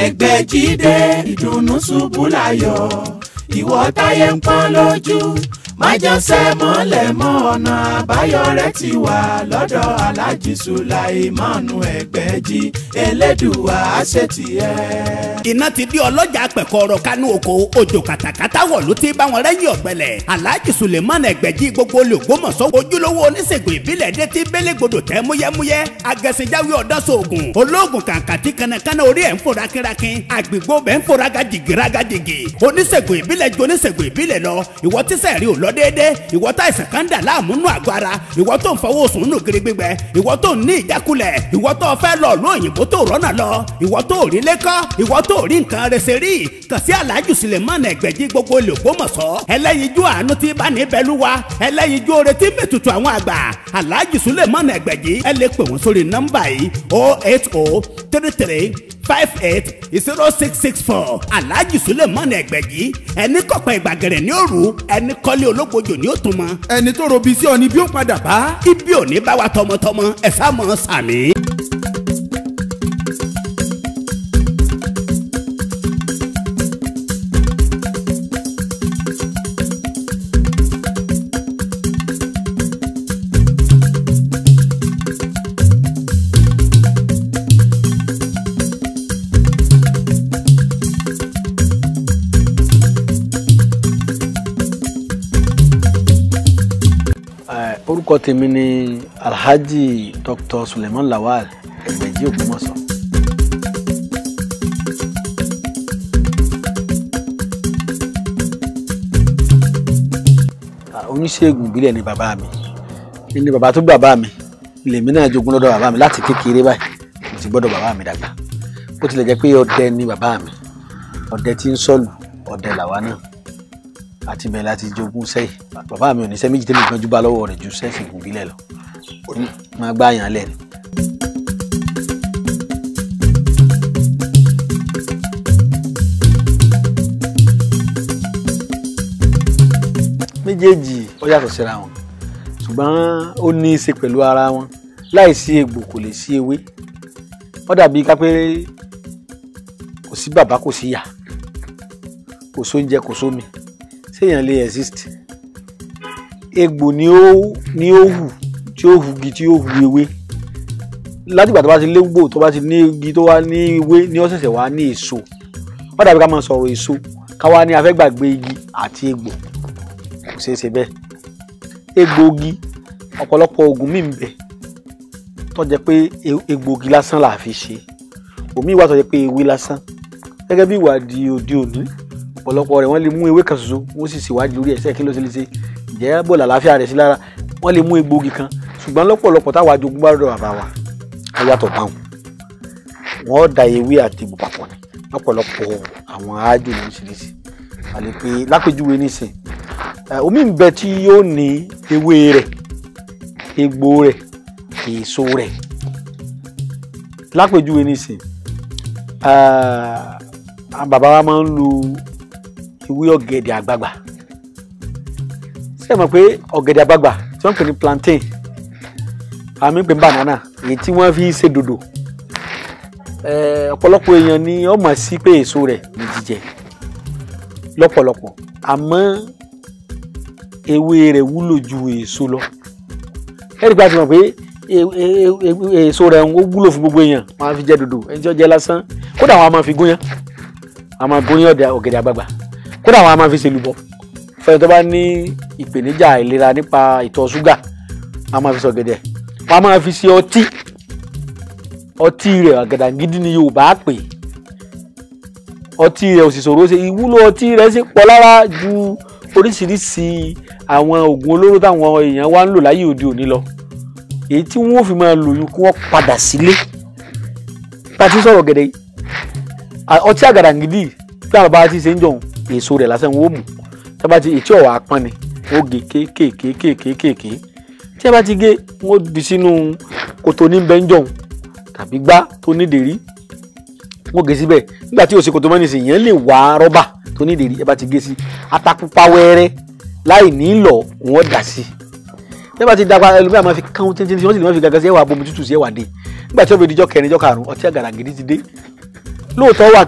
ẹgbẹ́ jíde ìdùnnú ṣubú láyọ̀ ìwọ táyé ń pọ́n lójú májẹsẹ mọlẹ mọ ọ̀nà àbáyọ rẹ ti wà lọ́dọ̀ aláàjì sùláìmánu ẹgbẹ̀jì elédùwà àṣetìẹ. iná ti di ọlọ́jà pẹ̀kọ́rọ̀ kánú oko òjò kàtàkàtà wọ̀ ló ti bá wọn rẹ́yìn ọ̀gbẹ́lẹ̀ aláàjì sùláìmánu ẹgbẹ̀jì gbogbo olùgbòmọ̀sọ́ ojúlówó oníṣègùn ìbílẹ̀ dé ti bélégbodò tẹ́ múyẹ́múyẹ́ agẹ̀sìnjáwé ọ̀dọ́sọ̀ọ̀gùn olóògùn kàǹkàtì kanakana orí ẹ̀ ń fòra kírakín àgbègbè ọbẹ̀ ń fòra gajìgì ragajìgì oníṣègùn ìbílẹ̀ jóníṣègùn ìbílẹ̀ lọ ìwọ tíṣẹ̀ rí ò lọ dúró déédéé ìwọ tá ìsìn kan dà láàmú nù agbára ìwọ tó ń fọwọ́ sùn nù gírí gbígbẹ ìwọ tó ń ní ìjákulẹ̀ ìwọ tó fẹ́ lọ ló òyìnbó tó rọ́nà lọ ìwọ tó rí lẹ́kọ́ ìwọ tó rí nǹkan rẹsẹ̀ rí kàn sí aláàjù Sulemana Ẹgbẹ̀jì gbogbo olè Ògbómọ̀ṣọ́ ẹlẹ́yinjú àánú tí bá ní bẹ́lúwa ẹlẹ́yinjú oore tí àwọn àgbà aláàjù Sulemana Ẹgbẹ̀jì ẹ lè pè wọ́n sórí nọ́mbà yìí 080 five eight zero six six four alhaji sulemani ẹgbẹ̀jì ẹni kọ̀pẹ́ ìgbàgẹ̀rẹ̀ ní òru ẹni kọ́lé ológbojò ní òtún mọ́. ẹni tó robi sí ọ ni bí ó padà bá. ibi ò ní bá wa tọmọtọmọ ẹ sá mọ sàmì. orúkọ tèmi ni alhaji dr suleiman lawal ẹgbẹ̀jì ògbómọ̀ṣọ́. oníṣègùn ìbílẹ̀ ni bàbá mi ni bàbá tó bàbá mi lèmi náà jogún lọ́dọ̀ bàbá mi láti kékeré báyìí mo ti gbọ́dọ̀ bàbá mi dàgbà bó tilẹ̀ jẹ́ pé ọdẹ ni bàbá mi ọdẹ tí ń sọ̀lù ọdẹ làwa náà àti bẹ́ẹ̀ láti jogún sẹ́yìn bàbá mi ò ní sẹ́ méjì tẹ́lẹ̀ gbọ́njú bá lọ́wọ́ rẹ̀ ju sẹ́sìn gùn bílẹ̀ lọ máa gbá yàn lẹ́nu. méjèèjì ó yàtọ̀ síra wọn ṣùgbọ́n ó ní í ṣe pẹ̀lú ara wọn láì sí egbò kò lè sí ewé ó dàbí ká pé kò sí bàbá kò sí ìyá kò sóúnjẹ kò sómi. So séèyàn lè exist egbò ni ó ni ó hù tí ó hugi tí ó hu ewé látìgbà tó bá ti légbò tó bá ti ní igi tó wá ní ewé ni ó ṣẹ̀ṣẹ̀ wá ní èso wọ́n dàbí ká máa sọ̀rọ̀ èso káwa ní a fẹ́ gbàgbé igi àti egbò kò ṣeé ṣe bẹ́ẹ̀ egbòogi ọ̀pọ̀lọpọ̀ oògùn míì ń bẹ tó jẹ́ pé e, egbòogi lásán là á fi ṣe òmíì wà tó jẹ́ pé ewé lásán gẹ́gẹ́ bí ìwádìí òde òní ọ̀pọ̀lọpọ̀ rẹ̀ wọ́n lè mú ewé kan ṣoṣo wọ́n sì ṣèwádìí lórí ẹ̀sẹ̀ kí ló ṣe lè ṣe ǹjẹ́ bọ́ọ̀lù àlàáfíà rẹ̀ sí lára wọ́n lè mú egbògi kan ṣùgbọ́n lọ́pọ̀lọpọ̀ táwa jogún bá rọ̀ bàbá wa wọ́n yàtọ̀ báwọn wọ́n da ewé àti egbò papọ̀ ni lọ́pọ̀lọpọ̀ àwọn aájò ní oríṣiríṣi àlè pé lápèjúwe nísìn omi ń bẹ tí yóò ní ewé rẹ̀ egbò rẹ̀ èso rẹ̀ lápèjúwe nísìn bàbá wa máa ń lo ewé ọ̀gẹ̀dẹ̀ àgbagbà ṣé ẹ mọ̀ pé ọ̀gẹ̀dẹ̀ àgbagbà tí wọ́n ń pè ní plantain àmì ń pè ní banana èyí tí wọ́n fi ṣe dòdò ọ̀pọ̀lọpọ̀ èèyàn ni ó mọ̀ sí pé èso rẹ̀ ní jíjẹ lọ́pọ̀lọpọ̀ àmọ́ ewé rẹ̀ wúlò ju èso lọ ẹ̀rí pé a ti mọ̀ pé e, e, e, èso rẹ̀ ń wúlò fún gbogbo èèyàn wọ́n á fi jẹ dòdò ẹni tí wọ́n jẹ lásán kódà wọ́n á máa fi gúnyán wọ́n á máa gúnyán ọ̀gẹ̀dẹ̀ àgbagbà kódà àwọn a máa fi ṣe lùbọ̀ fẹ́ni tó bá ní ìpèníjà ìlera nípa ìtọ̀ ṣúgà a máa fi ṣe ọ̀gẹ̀dẹ̀ wọ́n a máa fi ṣe ọtí ọtí rẹ̀ àgàdàǹgídí ni Yorùbá pè ọtí rẹ̀ òsìsòro ṣe ìwúlò ọtí rẹ̀ sì pọ̀ lára ju oríṣiríṣi àwọn oògùn olóró táwọn èèyàn wa ń lò láyé òde òní lọ èyí tí wọn ò fi máa lòyún kí wọn padà sílé tá a ti sọ̀rọ̀ gẹ̀dẹ̀ ọtí àgàdàǹgídì tí àwọn bàbá ti ṣe ń jọun èso rẹ̀ lásán wọ́n mú tí a bá ti ètí ọ̀wà apọ́n ni wọ́n gé kéékèèkéékèèké tí a bá ti gé wọ́n di sínú kòtò ní bẹ́ńjọ̀n tàbí gbá tó nídèrí wọ́n gé síbẹ̀ nígbà tí o ṣe kòtò mọ́ nísìnyí yẹn lè wá rọ́bà tó nídèrí ẹ bá ti gé sí atapupa wẹ́rẹ́ láì nílò wọ́n dà sí tí a bá ti dapa ẹlòmíràn máa fi kán tẹ́ntẹ́n tí wọ́n sì lè máa fi gàgà sí ẹwà abomi tútù sí ẹwà dé nígbà tí ó fi dijọ́ kẹrin jọ́ karùn-ún ọtí àgàràgìdì ti dé lóòótọ́ wà